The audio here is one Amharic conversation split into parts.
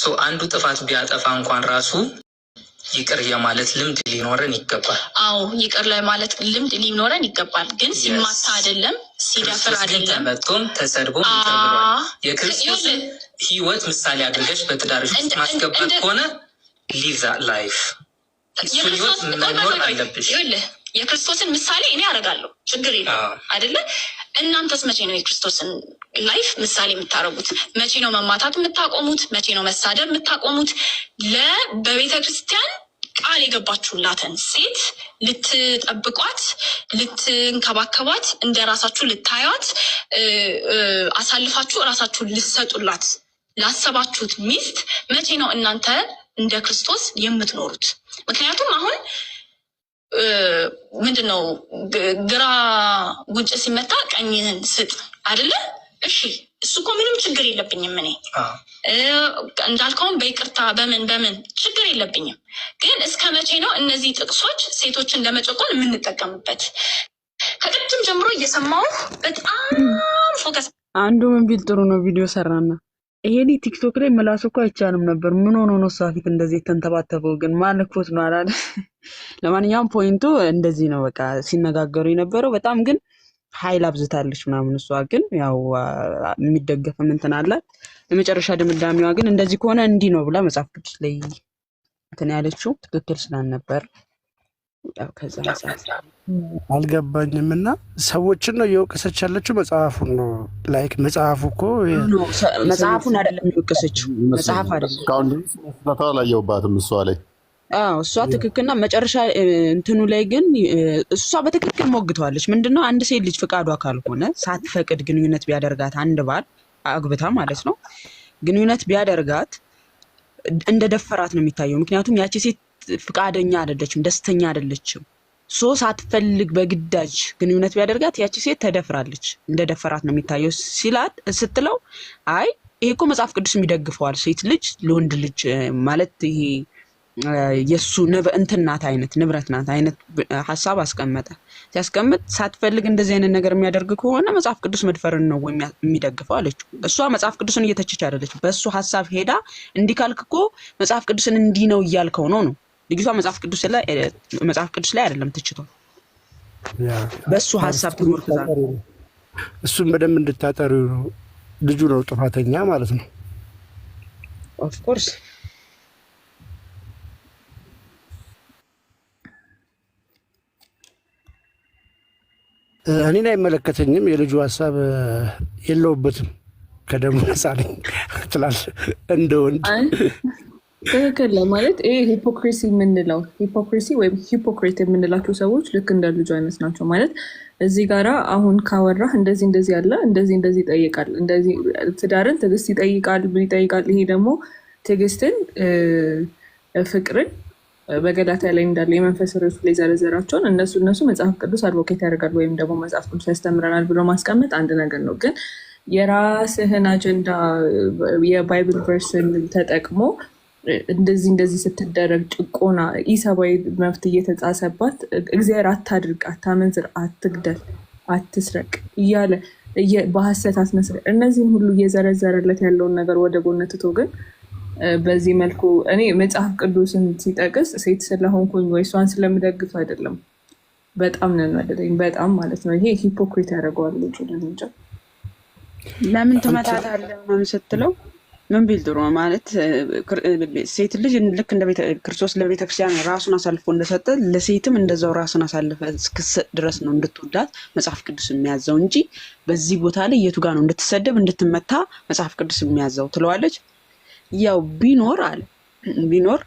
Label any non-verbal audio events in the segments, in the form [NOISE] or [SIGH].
ሰው አንዱ ጥፋት ቢያጠፋ እንኳን ራሱ ይቅር የማለት ልምድ ሊኖረን ይገባል። አዎ ይቅር ላይ ማለት ልምድ ሊኖረን ይገባል። ግን ሲማታ አይደለም፣ ሲደፍር አይደለም። ተመቶም ተሰድቦም ይቅር ብሏል። የክርስቶስን ምሳሌ አድርገሽ በትዳርሽ ውስጥ ማስገባት ከሆነ ሊቭ ዛት ላይፍ ህይወት መኖር አለብሽ። የክርስቶስን ምሳሌ እኔ አደርጋለሁ ችግር የለም አይደለ እናንተስ መቼ ነው የክርስቶስን ላይፍ ምሳሌ የምታደርጉት? መቼ ነው መማታት የምታቆሙት? መቼ ነው መሳደብ የምታቆሙት? በቤተ ክርስቲያን ቃል የገባችሁላትን ሴት ልትጠብቋት፣ ልትንከባከቧት፣ እንደ ራሳችሁ ልታዩት፣ አሳልፋችሁ እራሳችሁን ልትሰጡላት ላሰባችሁት ሚስት መቼ ነው እናንተ እንደ ክርስቶስ የምትኖሩት? ምክንያቱም አሁን ምንድን ነው ግራ ጉንጭ ሲመታ ቀኝህን ስጥ አይደለ? እሺ እሱ እኮ ምንም ችግር የለብኝም። እኔ እንዳልከውም በይቅርታ በምን በምን ችግር የለብኝም። ግን እስከ መቼ ነው እነዚህ ጥቅሶች ሴቶችን ለመጨቆን የምንጠቀምበት? ከቅድም ጀምሮ እየሰማሁ በጣም ፎከስ አንዱ ምን ቢል ጥሩ ነው ቪዲዮ ሰራና ይሄኔ ቲክቶክ ላይ ምላሱ እኮ አይቻልም ነበር። ምን ሆኖ ነው እሷ ፊት እንደዚህ የተንተባተበው? ግን ማንኮት ነው አላለ። [LAUGHS] ለማንኛውም ፖይንቱ እንደዚህ ነው። በቃ ሲነጋገሩ የነበረው በጣም ግን ሀይል አብዝታለች ምናምን። እሷ ግን ያው የሚደገፍም እንትን አላት። የመጨረሻ ድምዳሜዋ ግን እንደዚህ ከሆነ እንዲህ ነው ብላ መጽሐፍ ቅዱስ ላይ እንትን ያለችው ትክክል ስላልነበር ያው ከዛ አልገባኝም እና ሰዎችን ነው እየወቀሰች ያለችው መጽሐፉን ነው ላይክ መጽሐፉ እኮ መጽሐፉን አይደለም የወቀሰችው መጽሐፍ አይደለም አላየሁባትም እሷ ላይ እሷ ትክክልና መጨረሻ እንትኑ ላይ ግን እሷ በትክክል ሞግተዋለች ምንድነው አንድ ሴት ልጅ ፍቃዷ ካልሆነ ሳትፈቅድ ግንኙነት ቢያደርጋት አንድ ባል አግብታ ማለት ነው ግንኙነት ቢያደርጋት እንደ ደፈራት ነው የሚታየው ምክንያቱም ያቺ ሴት ፍቃደኛ አይደለችም፣ ደስተኛ አይደለችም። ሶ ሳትፈልግ በግዳጅ ግንኙነት ቢያደርጋት ያቺ ሴት ተደፍራለች፣ እንደ ደፈራት ነው የሚታየው ሲላት ስትለው አይ ይሄ እኮ መጽሐፍ ቅዱስም ይደግፈዋል። ሴት ልጅ ለወንድ ልጅ ማለት ይሄ የእሱ እንትን ናት አይነት ንብረት ናት አይነት ሀሳብ አስቀመጠ። ሲያስቀምጥ ሳትፈልግ እንደዚህ አይነት ነገር የሚያደርግ ከሆነ መጽሐፍ ቅዱስ መድፈርን ነው የሚደግፈው አለችው። እሷ መጽሐፍ ቅዱስን እየተቸች አይደለች፣ በእሱ ሀሳብ ሄዳ እንዲህ ካልክ እኮ መጽሐፍ ቅዱስን እንዲህ ነው እያልከው ነው ነው ልጅቷ መጽሐፍ ቅዱስ ላይ መጽሐፍ ቅዱስ ላይ አይደለም ትችቷ በእሱ ሀሳብ ተመርኩዛ እሱም በደንብ እንድታጠሪው ነው። ልጁ ነው ጥፋተኛ ማለት ነው። ኦፍኮርስ እኔን አይመለከተኝም። የልጁ ሀሳብ የለውበትም። ከደሞ ነፃ ነኝ ትላለህ እንደ ወንድ ትክክል ለማለት ይሄ ሂፖክሪሲ የምንለው ሂፖክሪሲ ወይም ሂፖክሪት የምንላቸው ሰዎች ልክ እንደ ልጁ አይነት ናቸው። ማለት እዚህ ጋራ አሁን ካወራህ እንደዚህ እንደዚህ ያለ እንደዚህ እንደዚህ ይጠይቃል፣ እንደዚህ ትዳርን ትዕግስት ይጠይቃል፣ ምን ይጠይቃል። ይሄ ደግሞ ትዕግስትን፣ ፍቅርን በገላትያ ላይ እንዳለ የመንፈስ ርዕሱ ላይ ዘረዘራቸውን እነሱ እነሱ መጽሐፍ ቅዱስ አድቮኬት ያደርጋል ወይም ደግሞ መጽሐፍ ቅዱስ ያስተምረናል ብሎ ማስቀመጥ አንድ ነገር ነው ግን የራስህን አጀንዳ የባይብል ቨርስን ተጠቅሞ እንደዚህ እንደዚህ ስትደረግ ጭቆና ኢሰብአዊ መብት እየተጻሰባት እግዚአብሔር አታድርግ፣ አታመንዝር፣ አትግደል፣ አትስረቅ እያለ በሀሰት አስመስለ እነዚህም ሁሉ እየዘረዘረለት ያለውን ነገር ወደ ጎን ትቶ ግን በዚህ መልኩ እኔ መጽሐፍ ቅዱስን ሲጠቅስ ሴት ስለሆንኩኝ ወይ እሷን ስለምደግፍ አይደለም። በጣም ነን በጣም ማለት ነው። ይሄ ሂፖክሪት ያደርገዋል። ልጁ ለምን ትመታታለህ ምናምን ስትለው ምን ቢል ጥሩ ነው ማለት ሴት ልጅ ልክ እንደ ክርስቶስ ለቤተክርስቲያን ራሱን አሳልፎ እንደሰጠ ለሴትም እንደዛው ራሱን አሳልፈ እስክሰጥ ድረስ ነው እንድትወዳት መጽሐፍ ቅዱስ የሚያዘው እንጂ በዚህ ቦታ ላይ የቱ ጋር ነው እንድትሰደብ እንድትመታ መጽሐፍ ቅዱስ የሚያዘው ትለዋለች። ያው ቢኖር አለ ቢኖር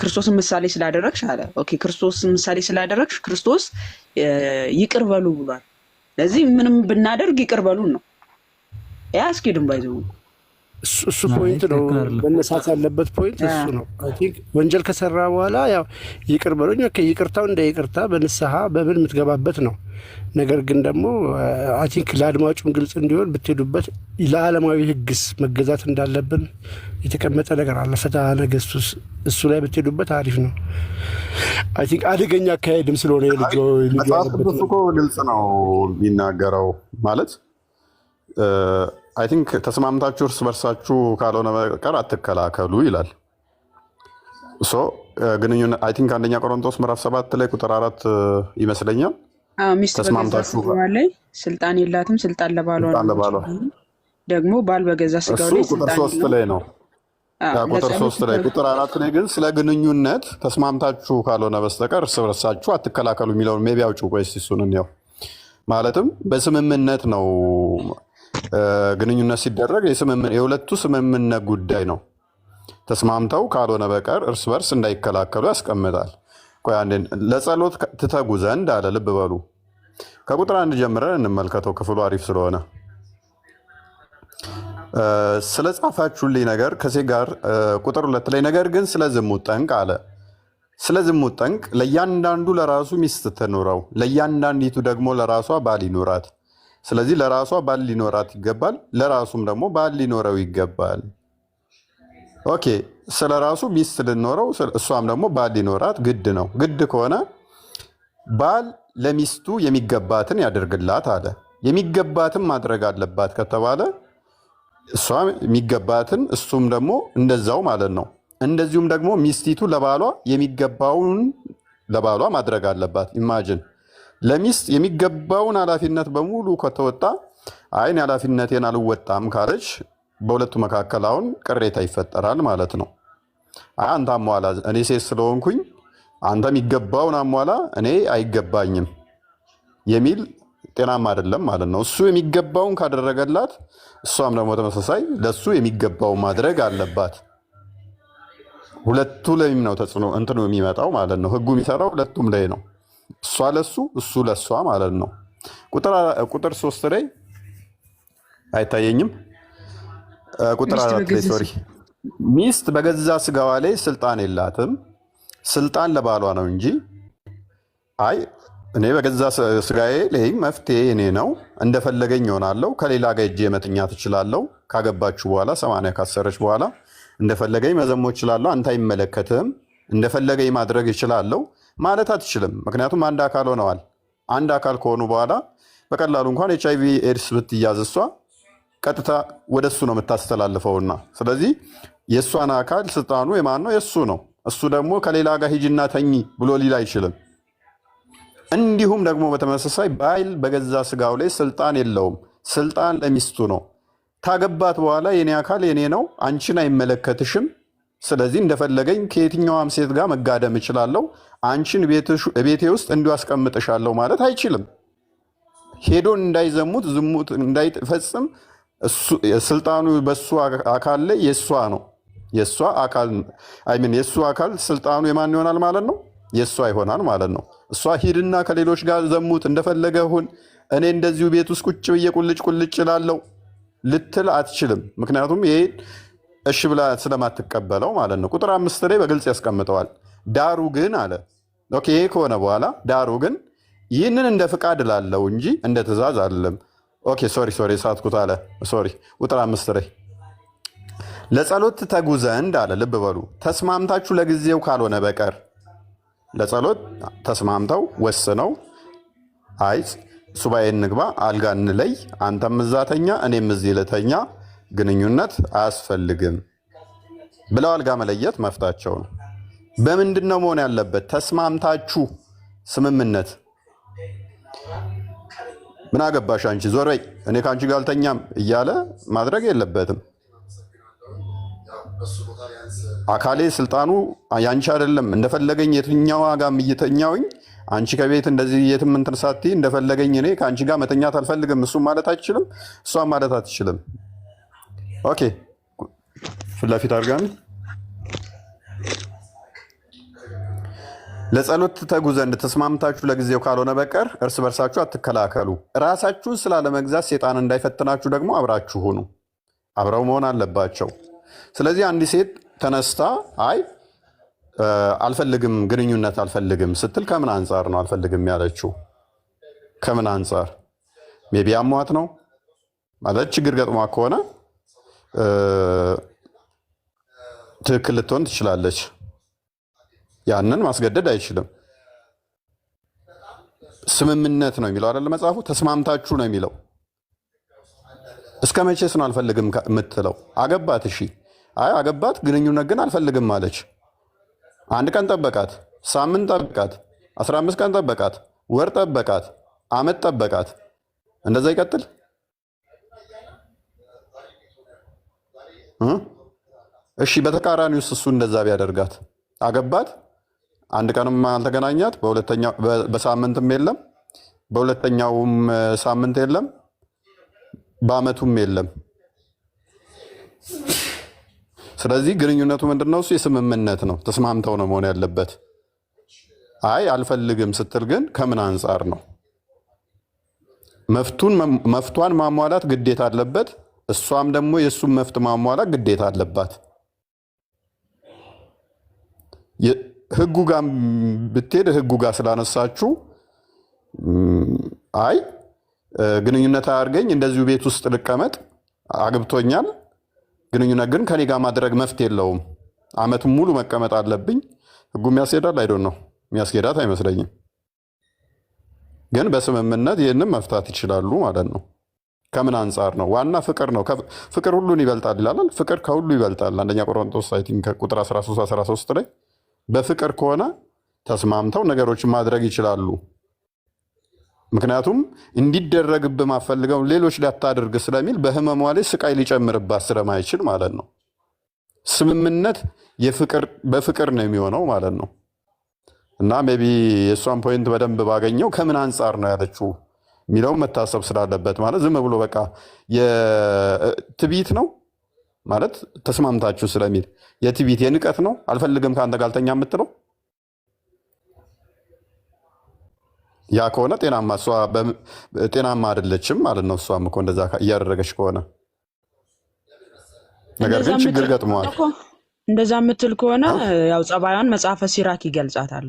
ክርስቶስን ምሳሌ ስላደረግሽ አለ። ኦኬ ክርስቶስን ምሳሌ ስላደረግሽ ክርስቶስ ይቅር በሉ ብሏል። ለዚህ ምንም ብናደርግ ይቅር በሉን ነው ያ እስኪ ድንባይዘው እሱ ፖይንት ነው መነሳት ያለበት ፖይንት እሱ ነው። ቲንክ ወንጀል ከሰራ በኋላ ያው ይቅር በሎኝ ኦኬ፣ ይቅርታው እንደ ይቅርታ በንስሐ በምን የምትገባበት ነው። ነገር ግን ደግሞ አይ ቲንክ ለአድማጩም ግልጽ እንዲሆን ብትሄዱበት ለዓለማዊ ሕግስ መገዛት እንዳለብን የተቀመጠ ነገር አለ። ፍትሐ ነገሥት እሱ ላይ ብትሄዱበት አሪፍ ነው። አይ ቲንክ አደገኛ አካሄድም ስለሆነ ልጅ ግልጽ ነው የሚናገረው ማለት አይ ቲንክ ተስማምታችሁ እርስ በርሳችሁ ካልሆነ በቀር አትከላከሉ ይላል። ሶ ግንኙነት አይ ቲንክ አንደኛ ቆሮንቶስ ምዕራፍ ሰባት ላይ ቁጥር አራት ይመስለኛል። ላይ ስልጣን የላትም፣ ስልጣን ለባሏ ነው። ደግሞ ባል በገዛ ስጋው ላይ ቁጥር ሶስት ላይ ነው ቁጥር ሶስት ላይ ቁጥር አራት ላይ ግን ስለ ግንኙነት ተስማምታችሁ ካልሆነ በስተቀር እርስ በርሳችሁ አትከላከሉ የሚለውን ሜቢ አውጭ ቆይስ እሱን ያው ማለትም በስምምነት ነው ግንኙነት ሲደረግ የሁለቱ ስምምነት ጉዳይ ነው። ተስማምተው ካልሆነ በቀር እርስ በርስ እንዳይከላከሉ ያስቀምጣል። ለጸሎት ትተጉ ዘንድ አለ። ልብ በሉ። ከቁጥር አንድ ጀምረን እንመልከተው፣ ክፍሉ አሪፍ ስለሆነ ስለ ጻፋችሁልኝ ነገር ከሴ ጋር ቁጥር ሁለት ላይ ነገር ግን ስለ ዝሙት ጠንቅ አለ። ስለ ዝሙት ጠንቅ ለእያንዳንዱ ለራሱ ሚስት ትኑረው፣ ለእያንዳንዲቱ ደግሞ ለራሷ ባል ይኑራት። ስለዚህ ለራሷ ባል ሊኖራት ይገባል፣ ለራሱም ደግሞ ባል ሊኖረው ይገባል። ኦኬ ስለ ራሱ ሚስት ልኖረው፣ እሷም ደግሞ ባል ሊኖራት ግድ ነው። ግድ ከሆነ ባል ለሚስቱ የሚገባትን ያደርግላት አለ። የሚገባትን ማድረግ አለባት ከተባለ እሷ የሚገባትን እሱም ደግሞ እንደዛው ማለት ነው። እንደዚሁም ደግሞ ሚስቲቱ ለባሏ የሚገባውን ለባሏ ማድረግ አለባት። ኢማጅን ለሚስት የሚገባውን ኃላፊነት በሙሉ ከተወጣ አይን ኃላፊነቴን አልወጣም ካለች በሁለቱ መካከል አሁን ቅሬታ ይፈጠራል ማለት ነው። አንተ አሟላ፣ እኔ ሴት ስለሆንኩኝ አንተ የሚገባውን አሟላ፣ እኔ አይገባኝም የሚል ጤናም አይደለም ማለት ነው። እሱ የሚገባውን ካደረገላት እሷም ደግሞ ተመሳሳይ ለእሱ የሚገባው ማድረግ አለባት። ሁለቱ ላይም ነው ተጽዕኖ እንትኑ የሚመጣው ማለት ነው። ህጉ የሚሰራው ሁለቱም ላይ ነው። እሷ ለሱ እሱ ለሷ ማለት ነው። ቁጥር ሶስት ላይ አይታየኝም። ቁጥር አራት ላይ ሶሪ። ሚስት በገዛ ስጋዋ ላይ ስልጣን የላትም፣ ስልጣን ለባሏ ነው እንጂ አይ እኔ በገዛ ስጋዬ ላይ መፍትሄ እኔ ነው እንደፈለገኝ ይሆናለው፣ ከሌላ ጋር እጄ መተኛት እችላለሁ። ካገባችሁ በኋላ ሰማንያ ካሰረች በኋላ እንደፈለገኝ መዘሞ እችላለሁ። አንተ አይመለከትህም፣ እንደፈለገኝ ማድረግ እችላለሁ ማለት አትችልም። ምክንያቱም አንድ አካል ሆነዋል። አንድ አካል ከሆኑ በኋላ በቀላሉ እንኳን ኤች አይቪ ኤድስ ብትያዝ እሷ ቀጥታ ወደ እሱ ነው የምታስተላልፈውና ስለዚህ የእሷን አካል ስልጣኑ የማን ነው? የእሱ ነው። እሱ ደግሞ ከሌላ ጋር ሂጅና ተኝ ብሎ ሊል አይችልም። እንዲሁም ደግሞ በተመሳሳይ ባል በገዛ ስጋው ላይ ስልጣን የለውም። ስልጣን ለሚስቱ ነው። ታገባት በኋላ የኔ አካል የኔ ነው፣ አንቺን አይመለከትሽም ስለዚህ እንደፈለገኝ ከየትኛዋም ሴት ጋር መጋደም እችላለሁ፣ አንቺን ቤቴ ውስጥ እንዲሁ አስቀምጥሻለሁ ማለት አይችልም። ሄዶን እንዳይዘሙት ዝሙት እንዳይፈጽም ስልጣኑ በሱ አካል ላይ የእሷ ነው። የእሷ አካል አይሚን የእሱ አካል ስልጣኑ የማን ይሆናል ማለት ነው? የእሷ ይሆናል ማለት ነው። እሷ ሂድና ከሌሎች ጋር ዘሙት፣ እንደፈለገ ሁን፣ እኔ እንደዚሁ ቤት ውስጥ ቁጭ ብዬ ቁልጭ ቁልጭ እላለሁ ልትል አትችልም። ምክንያቱም ይሄ እሺ ብላ ስለማትቀበለው ማለት ነው። ቁጥር አምስት ላይ በግልጽ ያስቀምጠዋል። ዳሩ ግን አለ ኦኬ፣ ይሄ ከሆነ በኋላ ዳሩ ግን ይህንን እንደ ፍቃድ ላለው እንጂ እንደ ትእዛዝ አለም። ኦኬ፣ ሶሪ ሶሪ፣ ሳትኩት አለ። ሶሪ፣ ቁጥር አምስት ላይ ለጸሎት ተጉ ዘንድ አለ። ልብ በሉ ተስማምታችሁ ለጊዜው ካልሆነ በቀር ለጸሎት ተስማምተው ወስነው አይ ሱባኤ እንግባ፣ አልጋ እንለይ፣ አንተም እዛተኛ እኔም እዚህ ልተኛ ግንኙነት አያስፈልግም ብለው አልጋ መለየት መፍታቸው ነው። በምንድን ነው መሆን ያለበት? ተስማምታችሁ ስምምነት ምን አገባሽ አንቺ ዞር በይ እኔ ከአንቺ ጋር አልተኛም እያለ ማድረግ የለበትም። አካሌ ስልጣኑ ያንቺ አይደለም። እንደፈለገኝ የትኛው ጋም እየተኛውኝ አንቺ ከቤት እንደዚህ የትም እንትን ሳትይ እንደፈለገኝ እኔ ከአንቺ ጋር መተኛት አልፈልግም እሱም ማለት አይችልም፣ እሷም ማለት አትችልም። ኦኬ ፍላፊት አድርገን ለጸሎት ተጉ ዘንድ ተስማምታችሁ ለጊዜው ካልሆነ በቀር እርስ በርሳችሁ አትከላከሉ። ራሳችሁን ስላለመግዛት ሴጣን እንዳይፈትናችሁ ደግሞ አብራችሁ ሁኑ። አብረው መሆን አለባቸው። ስለዚህ አንድ ሴት ተነስታ አይ አልፈልግም፣ ግንኙነት አልፈልግም ስትል ከምን አንጻር ነው አልፈልግም ያለችው? ከምን አንጻር ሜቢ አሟት ነው ማለት ችግር ገጥሟ ከሆነ ትክክል ልትሆን ትችላለች። ያንን ማስገደድ አይችልም። ስምምነት ነው የሚለው አይደለ? መጽሐፉ ተስማምታችሁ ነው የሚለው። እስከ መቼስ ነው አልፈልግም የምትለው? አገባት። እሺ፣ አይ አገባት፣ ግንኙነት ግን አልፈልግም አለች። አንድ ቀን ጠበቃት፣ ሳምንት ጠበቃት፣ አምስት ቀን ጠበቃት፣ ወር ጠበቃት፣ አመት ጠበቃት። እንደዛ ይቀጥል። እሺ በተቃራኒ ውስጥ እሱ እንደዛ ቢያደርጋት አገባት፣ አንድ ቀንም አልተገናኛት፣ በሳምንትም የለም፣ በሁለተኛውም ሳምንት የለም፣ በአመቱም የለም። ስለዚህ ግንኙነቱ ምንድነው? እሱ የስምምነት ነው። ተስማምተው ነው መሆን ያለበት። አይ አልፈልግም ስትል ግን ከምን አንጻር ነው መፍቱን መፍቷን ማሟላት ግዴታ አለበት። እሷም ደግሞ የእሱን መፍት ማሟላት ግዴታ አለባት። ህጉ ጋር ብትሄድ ህጉ ጋር ስላነሳችሁ አይ ግንኙነት አያርገኝ እንደዚሁ ቤት ውስጥ ልቀመጥ አግብቶኛል፣ ግንኙነት ግን ከኔ ጋር ማድረግ መፍት የለውም፣ አመቱን ሙሉ መቀመጥ አለብኝ። ህጉ የሚያስሄዳል አይዶ ነው የሚያስኬዳት አይመስለኝም። ግን በስምምነት ይህንም መፍታት ይችላሉ ማለት ነው። ከምን አንጻር ነው? ዋና ፍቅር ነው። ፍቅር ሁሉን ይበልጣል ይላል። ፍቅር ከሁሉ ይበልጣል። አንደኛ ቆሮንቶስ ቲንክ ቁጥር 13 13 ላይ በፍቅር ከሆነ ተስማምተው ነገሮችን ማድረግ ይችላሉ። ምክንያቱም እንዲደረግብ ማፈልገው ሌሎች ላታደርግ ስለሚል በህመሟ ላይ ስቃይ ሊጨምርባት ስለማይችል ማለት ነው። ስምምነት በፍቅር ነው የሚሆነው ማለት ነው። እና ሜቢ ቢ የእሷን ፖይንት በደንብ ባገኘው ከምን አንጻር ነው ያለችው የሚለውም መታሰብ ስላለበት ማለት ዝም ብሎ በቃ የትቢት ነው ማለት ተስማምታችሁ ስለሚል የትቢት የንቀት ነው። አልፈልግም ከአንተ ጋር የምትለው ያ ከሆነ ጤናማ እሷ ጤናማ አይደለችም ማለት ነው። እሷም እኮ እንደዛ እያደረገች ከሆነ ነገር ግን ችግር ገጥመዋል። እንደዛ የምትል ከሆነ ያው ጸባዩን መጽሐፈ ሲራክ ይገልጻታል።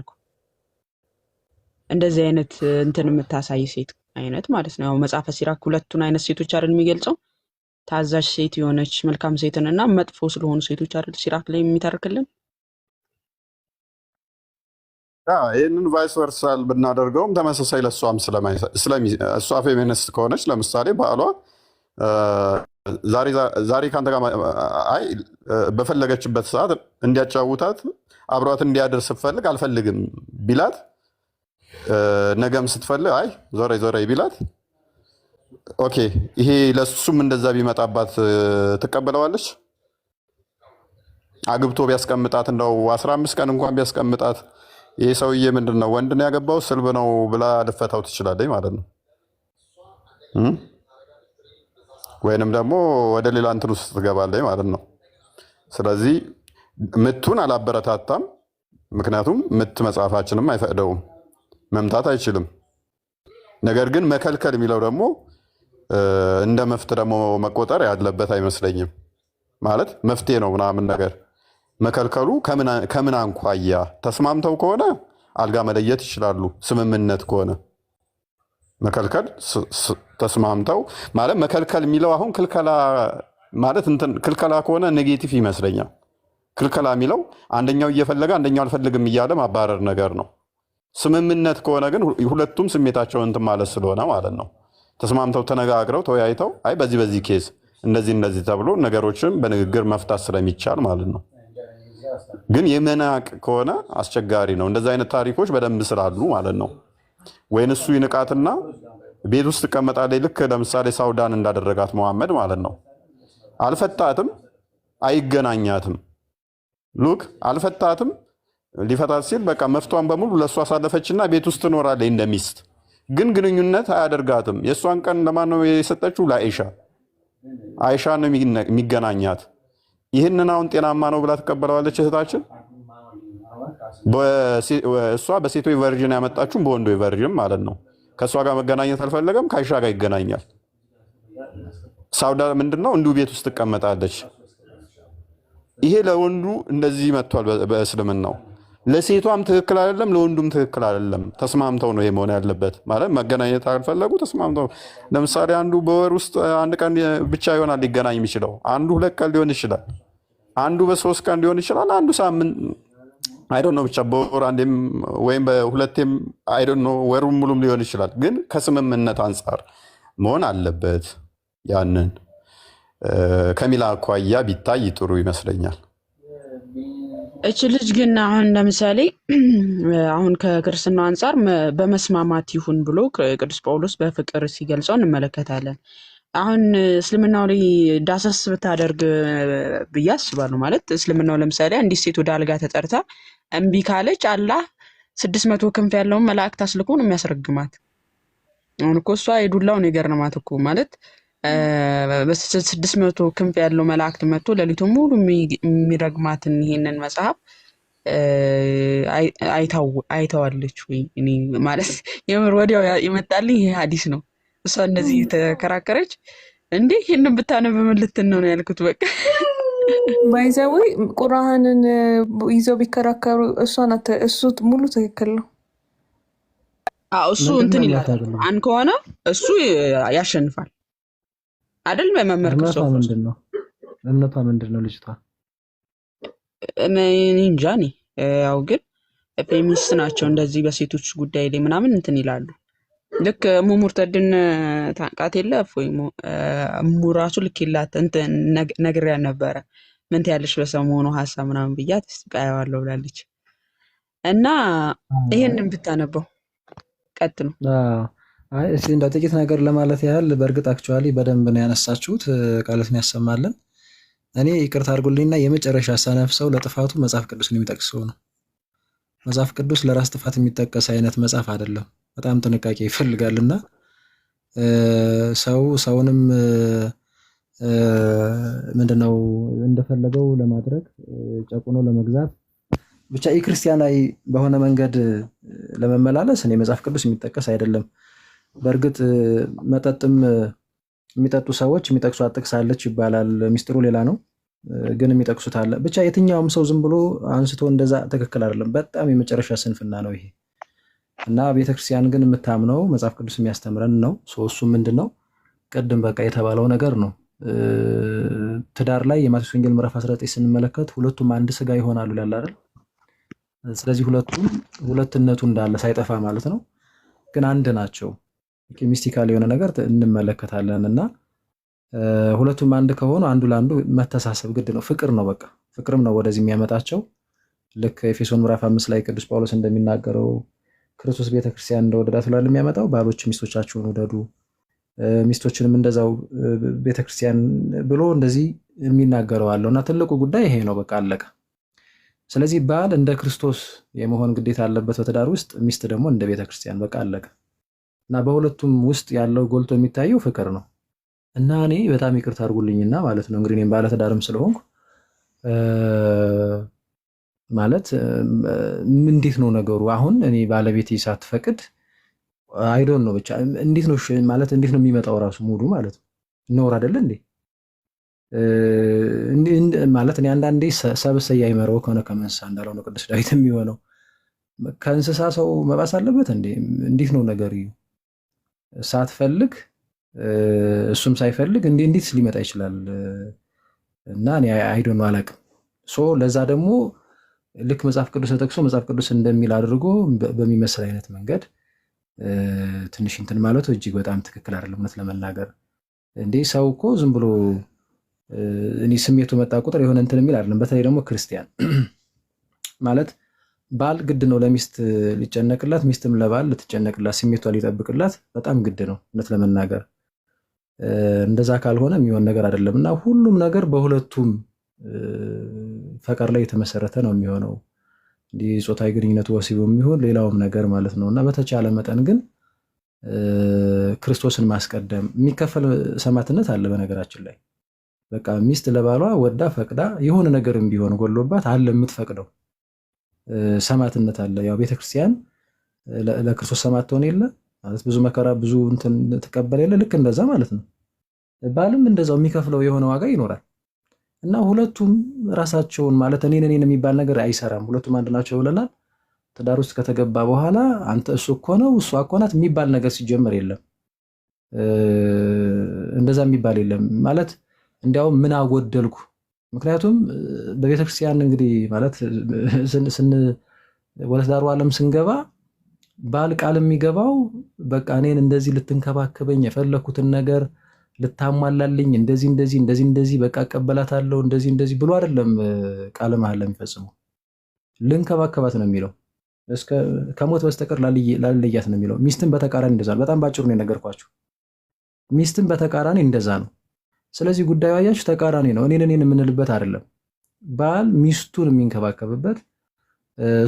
እንደዚህ አይነት እንትን የምታሳይ ሴት አይነት ማለት ነው። ያው መጽሐፈ ሲራክ ሁለቱን አይነት ሴቶች አይደል የሚገልጸው ታዛዥ ሴት የሆነች መልካም ሴትን እና መጥፎ ስለሆኑ ሴቶች አይደል ሲራክ ላይ የሚተርክልን። ይህንን ቫይስ ወርሳል ብናደርገውም ተመሳሳይ ለእሷም እሷ ፌሚኒስት ከሆነች ለምሳሌ ባሏ ዛሬ ከአንተ ጋር አይ በፈለገችበት ሰዓት እንዲያጫውታት አብሯት እንዲያድር ስትፈልግ አልፈልግም ቢላት ነገም ስትፈልግ አይ ዞረይ ዞረ ቢላት ኦኬ፣ ይሄ ለሱም እንደዛ ቢመጣባት ትቀበለዋለች? አግብቶ ቢያስቀምጣት እንደው አስራ አምስት ቀን እንኳን ቢያስቀምጣት ይሄ ሰውዬ ምንድን ነው ወንድ ነው ያገባው ስልብ ነው ብላ ልፈታው ትችላለች ማለት ነው። ወይንም ደግሞ ወደ ሌላ እንትን ውስጥ ትገባለች ማለት ነው። ስለዚህ ምቱን አላበረታታም፣ ምክንያቱም ምት መጽሐፋችንም አይፈቅደውም። መምታት አይችልም። ነገር ግን መከልከል የሚለው ደግሞ እንደ መፍት ደግሞ መቆጠር ያለበት አይመስለኝም። ማለት መፍትሄ ነው ምናምን ነገር መከልከሉ ከምን አንኳያ ተስማምተው ከሆነ አልጋ መለየት ይችላሉ። ስምምነት ከሆነ መከልከል ተስማምተው ማለት መከልከል የሚለው አሁን ክልከላ ማለት እንትን ክልከላ ከሆነ ኔጌቲቭ ይመስለኛል። ክልከላ የሚለው አንደኛው እየፈለገ አንደኛው አልፈልግም እያለ ማባረር ነገር ነው። ስምምነት ከሆነ ግን ሁለቱም ስሜታቸውን እንትን ማለት ስለሆነ ማለት ነው። ተስማምተው ተነጋግረው ተወያይተው አይ በዚህ በዚህ ኬዝ እንደዚህ እንደዚህ ተብሎ ነገሮችን በንግግር መፍታት ስለሚቻል ማለት ነው። ግን የመናቅ ከሆነ አስቸጋሪ ነው። እንደዚህ አይነት ታሪኮች በደንብ ስላሉ ማለት ነው። ወይን እሱ ይንቃትና ቤት ውስጥ ትቀመጣለች። ልክ ለምሳሌ ሳውዳን እንዳደረጋት መሐመድ ማለት ነው። አልፈታትም፣ አይገናኛትም። ሉክ አልፈታትም ሊፈታት ሲል በቃ መፍቷን በሙሉ ለእሷ አሳለፈችና ቤት ውስጥ ትኖራለች እንደሚስት። ግን ግንኙነት አያደርጋትም። የእሷን ቀን ለማን ነው የሰጠችው? ለአይሻ። አይሻ ነው የሚገናኛት። ይህንን አሁን ጤናማ ነው ብላ ትቀበለዋለች እህታችን? እሷ በሴቶ ቨርዥን ያመጣችሁም በወንዶ ቨርዥን ማለት ነው። ከእሷ ጋር መገናኘት አልፈለገም፣ ከአይሻ ጋር ይገናኛል። ሳውዳ ምንድነው እንዲሁ ቤት ውስጥ ትቀመጣለች። ይሄ ለወንዱ እንደዚህ መጥቷል በእስልምናው ለሴቷም ትክክል አይደለም፣ ለወንዱም ትክክል አይደለም። ተስማምተው ነው መሆን ያለበት። ማለት መገናኘት አልፈለጉ ተስማምተው። ለምሳሌ አንዱ በወር ውስጥ አንድ ቀን ብቻ ይሆናል ሊገናኝ የሚችለው፣ አንዱ ሁለት ቀን ሊሆን ይችላል፣ አንዱ በሶስት ቀን ሊሆን ይችላል፣ አንዱ ሳምንት አይዶ ነው ብቻ በወር አንዴም ወይም በሁለቴም አይዶ ነው ወሩም ሙሉም ሊሆን ይችላል። ግን ከስምምነት አንጻር መሆን አለበት። ያንን ከሚል አኳያ ቢታይ ጥሩ ይመስለኛል። እች ልጅ ግን አሁን ለምሳሌ [CLEARS THROAT] አሁን ከክርስትና አንጻር በመስማማት ይሁን ብሎ ቅዱስ ጳውሎስ በፍቅር ሲገልጸው እንመለከታለን። አሁን እስልምናው ላይ ዳሰስ ብታደርግ ብዬ አስባለሁ። ማለት እስልምናው ለምሳሌ አንዲት ሴት ወደ አልጋ ተጠርታ እምቢ ካለች አላህ ስድስት መቶ ክንፍ ያለውን መላእክት አስልኮ ነው የሚያስረግማት። አሁን እኮ እሷ የዱላው ነገር ነው እኮ ማለት ስድስት መቶ ክንፍ ያለው መላእክት መጥቶ ሌሊቱን ሙሉ የሚረግማትን ይሄንን መጽሐፍ አይተዋለች ወይ? እኔ ማለት የምር ወዲያው ይመጣልኝ ይሄ ሀዲስ ነው። እሷ እንደዚህ ተከራከረች። እንዴ ይህንን ብታነብ ምን ልትነው ነው ያልኩት። በቃ ባይዘዌ ቁርአንን ይዘው ቢከራከሩ እሷ እሱ ሙሉ ትክክል ነው። እሱ እንትን ይላል። አንድ ከሆነ እሱ ያሸንፋል። አይደል? በመምህር ክርስቶፋ ምንድን ነው እምነቷ ምንድን ነው ልጅቷ? እንጃ እኔ ያው ግን ፌሚኒስት ናቸው እንደዚህ በሴቶች ጉዳይ ላይ ምናምን እንትን ይላሉ። ልክ ሙሙርተድን ታንቃት የለ ወይ ሙራሱ ልክ የላት እንትን ነግሬያት ነበረ። ምን ትያለሽ በሰሞኑ ሀሳብ ምናምን ብያት ስቃየዋለሁ ብላለች እና ይሄንን ብታነበው ቀጥ ነው አይ እስቲ እንደው ጥቂት ነገር ለማለት ያህል በእርግጥ አክቹዋሊ በደንብ ነው ያነሳችሁት፣ ቃለትን ያሰማለን። እኔ ይቅርታ አድርጉልኝና የመጨረሻ ሰነፍ ሰው ለጥፋቱ መጽሐፍ ቅዱስን የሚጠቅስ ሰው ነው። መጽሐፍ ቅዱስ ለራስ ጥፋት የሚጠቀስ አይነት መጽሐፍ አይደለም። በጣም ጥንቃቄ ይፈልጋልና ሰው ሰውንም ምንድነው እንደፈለገው ለማድረግ ጨቁኖ ለመግዛት ብቻ የክርስቲያናዊ በሆነ መንገድ ለመመላለስ እኔ መጽሐፍ ቅዱስ የሚጠቀስ አይደለም። በእርግጥ መጠጥም የሚጠጡ ሰዎች የሚጠቅሷት ጥቅስ አለች ይባላል። ሚስጥሩ ሌላ ነው፣ ግን የሚጠቅሱት አለ። ብቻ የትኛውም ሰው ዝም ብሎ አንስቶ እንደዛ ትክክል አይደለም። በጣም የመጨረሻ ስንፍና ነው ይሄ እና ቤተክርስቲያን ግን የምታምነው መጽሐፍ ቅዱስ የሚያስተምረን ነው። ሶሱ ምንድን ነው? ቅድም በቃ የተባለው ነገር ነው። ትዳር ላይ የማቴዎስ ወንጌል ምዕራፍ 19 ስንመለከት ሁለቱም አንድ ስጋ ይሆናሉ ይላል አይደል? ስለዚህ ሁለቱም ሁለትነቱ እንዳለ ሳይጠፋ ማለት ነው፣ ግን አንድ ናቸው። ሚስቲካል የሆነ ነገር እንመለከታለን እና ሁለቱም አንድ ከሆኑ አንዱ ለአንዱ መተሳሰብ ግድ ነው። ፍቅር ነው በቃ ፍቅርም ነው ወደዚህ የሚያመጣቸው። ልክ ኤፌሶን ምዕራፍ አምስት ላይ ቅዱስ ጳውሎስ እንደሚናገረው ክርስቶስ ቤተክርስቲያን እንደወደዳት ላል የሚያመጣው ባሎች ሚስቶቻችሁን ውደዱ፣ ሚስቶችንም እንደዛው ቤተክርስቲያን ብሎ እንደዚህ የሚናገረው አለው እና ትልቁ ጉዳይ ይሄ ነው። በቃ አለቀ። ስለዚህ ባል እንደ ክርስቶስ የመሆን ግዴታ አለበት በትዳር ውስጥ፣ ሚስት ደግሞ እንደ ቤተክርስቲያን። በቃ አለቀ። እና በሁለቱም ውስጥ ያለው ጎልቶ የሚታየው ፍቅር ነው። እና እኔ በጣም ይቅርታ አድርጉልኝና ማለት ነው እንግዲህ እኔም ባለትዳርም ስለሆንኩ ማለት እንዴት ነው ነገሩ? አሁን እኔ ባለቤቴ ሳትፈቅድ አይዶን ነው ብቻ እንዴት ነው ማለት እንዴት ነው የሚመጣው ራሱ ሙሉ ማለት ነው ነውር አይደለ እንዴ ማለት እኔ አንዳንዴ ሰብሰያ ይመረው ከሆነ ከመንስሳ እንዳለው ነው ቅዱስ ዳዊት የሚሆነው ከእንስሳ ሰው መባስ አለበት እንዴ? እንዴት ነው ነገር እዩ ሳትፈልግ እሱም ሳይፈልግ እንዲ እንዴት ሊመጣ ይችላል? እና እኔ አይዶ ነው አላቅም። ሶ ለዛ ደግሞ ልክ መጽሐፍ ቅዱስ ተጠቅሶ መጽሐፍ ቅዱስ እንደሚል አድርጎ በሚመስል አይነት መንገድ ትንሽ እንትን ማለቱ እጅግ በጣም ትክክል አይደለም። እውነት ለመናገር እንዴ ሰው እኮ ዝም ብሎ እኔ ስሜቱ መጣ ቁጥር የሆነ እንትን የሚል አይደለም። በተለይ ደግሞ ክርስቲያን ማለት ባል ግድ ነው ለሚስት ሊጨነቅላት፣ ሚስትም ለባል ልትጨነቅላት፣ ስሜቷ ሊጠብቅላት በጣም ግድ ነው እውነት ለመናገር እንደዛ ካልሆነ የሚሆን ነገር አይደለም እና ሁሉም ነገር በሁለቱም ፈቀር ላይ የተመሰረተ ነው የሚሆነው እንዲህ ጾታዊ ግንኙነቱ ወሲቡ የሚሆን ሌላውም ነገር ማለት ነው እና በተቻለ መጠን ግን ክርስቶስን ማስቀደም የሚከፈል ሰማዕትነት አለ በነገራችን ላይ በቃ ሚስት ለባሏ ወዳ ፈቅዳ የሆነ ነገርም ቢሆን ጎሎባት አለ የምትፈቅደው ሰማዕትነት አለ። ያው ቤተክርስቲያን ለክርስቶስ ሰማዕት ትሆን የለ ማለት ብዙ መከራ ብዙ እንትን ትቀበል የለ ልክ እንደዛ ማለት ነው። ባልም እንደዛው የሚከፍለው የሆነ ዋጋ ይኖራል እና ሁለቱም ራሳቸውን ማለት እኔን እኔን የሚባል ነገር አይሰራም። ሁለቱም አንድ ናቸው ብለናል። ትዳር ውስጥ ከተገባ በኋላ አንተ እሱ እኮ ነው እሷ እኮ ናት የሚባል ነገር ሲጀመር የለም። እንደዛ የሚባል የለም ማለት እንዲያውም ምን አጎደልኩ ምክንያቱም በቤተክርስቲያን እንግዲህ ማለት ወለትዳሩ ዓለም ስንገባ ባል ቃል የሚገባው በቃ እኔን እንደዚህ ልትንከባከበኝ የፈለኩትን ነገር ልታሟላልኝ እንደዚህ እንደዚህ እንደዚህ እንደዚህ በቃ እቀበላታለሁ እንደዚህ እንደዚህ ብሎ አይደለም ቃለ መሐላ የሚፈጽመው። ልንከባከባት ነው የሚለው ከሞት በስተቀር ላልለያት ነው የሚለው። ሚስትን በተቃራኒ እንደዛ ነው። በጣም ባጭሩ ነው የነገርኳችሁ። ሚስትን በተቃራኒ እንደዛ ነው። ስለዚህ ጉዳዩ አያችሁ ተቃራኒ ነው። እኔን እኔን የምንልበት አይደለም። ባል ሚስቱን የሚንከባከብበት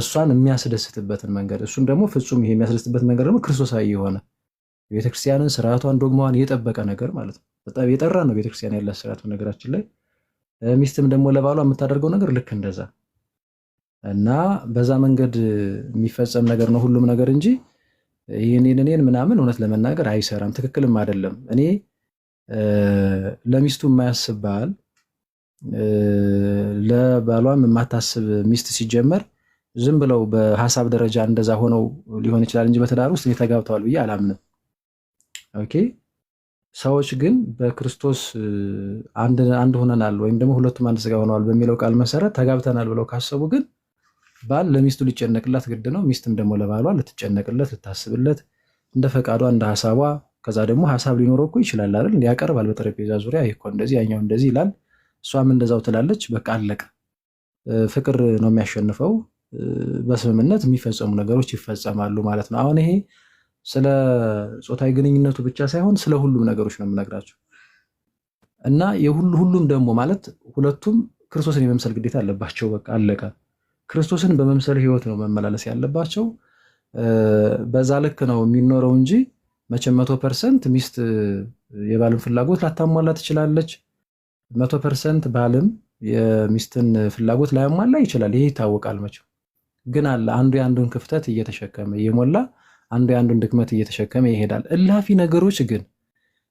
እሷን የሚያስደስትበትን መንገድ እሱን ደግሞ ፍጹም ይሄ የሚያስደስትበት መንገድ ደግሞ ክርስቶሳዊ የሆነ ቤተክርስቲያንን ስርዓቷን ዶግማዋን የጠበቀ ነገር ማለት ነው። በጣም የጠራ ነው ቤተክርስቲያን ያላት ስርዓት ነገራችን ላይ ሚስትም ደግሞ ለባሏ የምታደርገው ነገር ልክ እንደዛ እና በዛ መንገድ የሚፈጸም ነገር ነው ሁሉም ነገር እንጂ ይህንን እኔን ምናምን እውነት ለመናገር አይሰራም፣ ትክክልም አይደለም እኔ ለሚስቱ የማያስብ ባል ለባሏም የማታስብ ሚስት ሲጀመር ዝም ብለው በሀሳብ ደረጃ እንደዛ ሆነው ሊሆን ይችላል እንጂ በትዳር ውስጥ ተጋብተዋል ብዬ አላምንም። ኦኬ ሰዎች ግን በክርስቶስ አንድ ሆነናል ወይም ደግሞ ሁለቱም አንድ ስጋ ሆነዋል በሚለው ቃል መሰረት ተጋብተናል ብለው ካሰቡ ግን ባል ለሚስቱ ሊጨነቅላት ግድ ነው። ሚስትም ደግሞ ለባሏ ልትጨነቅለት፣ ልታስብለት እንደ ፈቃዷ እንደ ሀሳቧ ከዛ ደግሞ ሀሳብ ሊኖረው እኮ ይችላል አይደል? እንዲያቀርባል በጠረጴዛ ዙሪያ ይህ እኮ እንደዚህ ያኛው እንደዚህ ይላል፣ እሷም እንደዛው ትላለች። በቃ አለቀ። ፍቅር ነው የሚያሸንፈው። በስምምነት የሚፈጸሙ ነገሮች ይፈጸማሉ ማለት ነው። አሁን ይሄ ስለ ጾታዊ ግንኙነቱ ብቻ ሳይሆን ስለ ሁሉም ነገሮች ነው የምነግራቸው እና የሁሉ ሁሉም ደግሞ ማለት ሁለቱም ክርስቶስን የመምሰል ግዴታ አለባቸው። በቃ አለቀ። ክርስቶስን በመምሰል ህይወት ነው መመላለስ ያለባቸው። በዛ ልክ ነው የሚኖረው እንጂ መቼም መቶ ፐርሰንት ሚስት የባልን ፍላጎት ላታሟላ ትችላለች። መቶ ፐርሰንት ባልም የሚስትን ፍላጎት ላያሟላ ይችላል። ይሄ ይታወቃል። መቼም ግን አለ አንዱ የአንዱን ክፍተት እየተሸከመ እየሞላ አንዱ የአንዱን ድክመት እየተሸከመ ይሄዳል። እላፊ ነገሮች ግን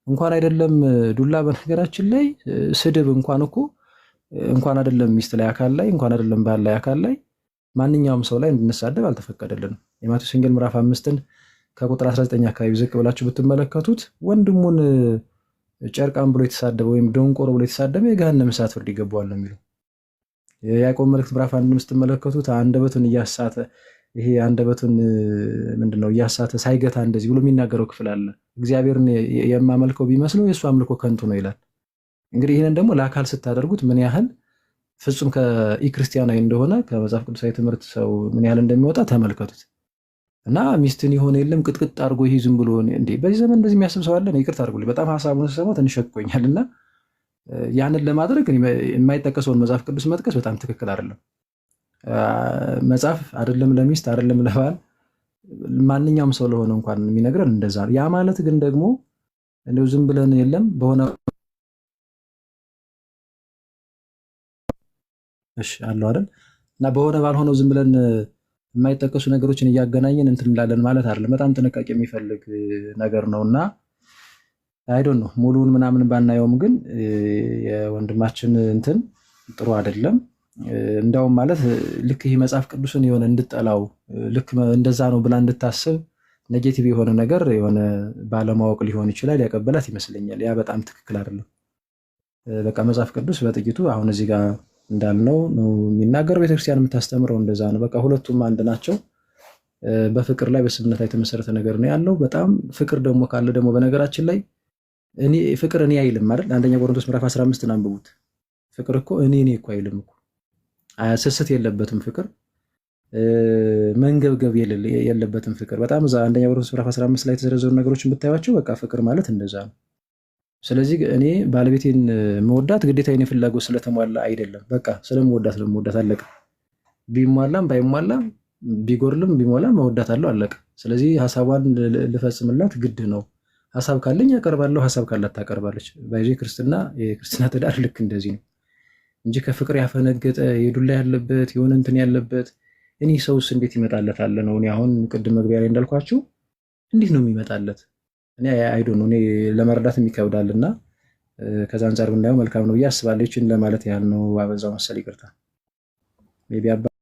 እንኳን አይደለም ዱላ፣ በነገራችን ላይ ስድብ እንኳን እኮ እንኳን አይደለም ሚስት ላይ አካል ላይ እንኳን አይደለም ባል ላይ አካል ላይ ማንኛውም ሰው ላይ እንድንሳደብ አልተፈቀደልንም። የማቴዎስ ወንጌል ምዕራፍ አምስትን ከቁጥር 19 አካባቢ ዝቅ ብላችሁ ብትመለከቱት ወንድሙን ጨርቃም ብሎ የተሳደበ ወይም ደንቆሮ ብሎ የተሳደበ የገሃነም እሳት ፍርድ ይገባዋል ነው የሚለው። የያዕቆብ መልእክት ምዕራፍ አንድ ስትመለከቱት አንደበቱን እያሳተ ይሄ አንደበቱን ምንድነው እያሳተ ሳይገታ እንደዚህ ብሎ የሚናገረው ክፍል አለ። እግዚአብሔርን የማመልከው ቢመስለው የእሱ አምልኮ ከንቱ ነው ይላል። እንግዲህ ይህንን ደግሞ ለአካል ስታደርጉት ምን ያህል ፍጹም ከኢ ክርስቲያናዊ እንደሆነ ከመጽሐፍ ቅዱሳዊ ትምህርት ሰው ምን ያህል እንደሚወጣ ተመልከቱት። እና ሚስትን የሆነ የለም ቅጥቅጥ አድርጎ ይሄ ዝም ብሎ እንዴ በዚህ ዘመን እንደዚህ የሚያስብ ሰው አለን? ይቅርታ አድርጉልኝ፣ በጣም ሀሳቡን ስሰማው ትንሽ ሸቅቆኛል። እና ያንን ለማድረግ የማይጠቀሰውን መጽሐፍ ቅዱስ መጥቀስ በጣም ትክክል አይደለም። መጽሐፍ አይደለም ለሚስት አይደለም ለባል ማንኛውም ሰው ለሆነ እንኳን የሚነግረን እንደዛ ነው። ያ ማለት ግን ደግሞ እንደው ዝም ብለን የለም በሆነ እሺ አለው አይደል እና በሆነ ባልሆነው ዝም ብለን የማይጠቀሱ ነገሮችን እያገናኘን እንትን እንላለን ማለት አይደለም። በጣም ጥንቃቄ የሚፈልግ ነገር ነው እና አይዶ ነው ሙሉውን ምናምን ባናየውም ግን የወንድማችን እንትን ጥሩ አይደለም። እንዳውም ማለት ልክ ይህ መጽሐፍ ቅዱስን የሆነ እንድጠላው ልክ እንደዛ ነው ብላ እንድታስብ ኔጌቲቭ የሆነ ነገር የሆነ ባለማወቅ ሊሆን ይችላል ያቀበላት ይመስለኛል። ያ በጣም ትክክል አይደለም። በቃ መጽሐፍ ቅዱስ በጥቂቱ አሁን እዚህ ጋር እንዳልነው ነው የሚናገረው። ቤተክርስቲያን የምታስተምረው እንደዛ ነው። በቃ ሁለቱም አንድ ናቸው። በፍቅር ላይ በስምነት ላይ የተመሰረተ ነገር ነው ያለው። በጣም ፍቅር ደግሞ ካለ ደግሞ በነገራችን ላይ ፍቅር እኔ አይልም አይደል? አንደኛ ቆሮንቶስ ምዕራፍ 15 አንብቡት። ፍቅር እኮ እኔ እኔ እኮ አይልም እኮ ስስት የለበትም ፍቅር መንገብገብ የለበትም ፍቅር። በጣም እዛ አንደኛ ቆሮንቶስ ምዕራፍ 15 ላይ የተዘረዘሩ ነገሮችን ብታዩቸው በቃ ፍቅር ማለት እንደዛ ነው። ስለዚህ እኔ ባለቤቴን መወዳት ግዴታ የኔ ፍላጎት ስለተሟላ አይደለም። በቃ ስለመወዳት ለመወዳት አለቀ። ቢሟላም ባይሟላም ቢጎርልም ቢሞላም መወዳት አለው አለቀ። ስለዚህ ሀሳቧን ልፈጽምላት ግድ ነው። ሀሳብ ካለኝ ያቀርባለሁ፣ ሀሳብ ካላት ታቀርባለች። ባይዜ ክርስትና የክርስትና ትዳር ልክ እንደዚህ ነው እንጂ ከፍቅር ያፈነገጠ የዱላ ያለበት የሆነ እንትን ያለበት እኔ ሰውስ እንዴት ይመጣለት አለ ነው። እኔ አሁን ቅድም መግቢያ ላይ እንዳልኳችሁ እንዴት ነው የሚመጣለት? እኔ አይዶ ነው እኔ ለመረዳት የሚከብዳል እና ከዛ አንጻር ብናየው መልካም ነው ብዬ አስባለችን ለማለት ያህል ነው። አበዛው መሰል ይቅርታ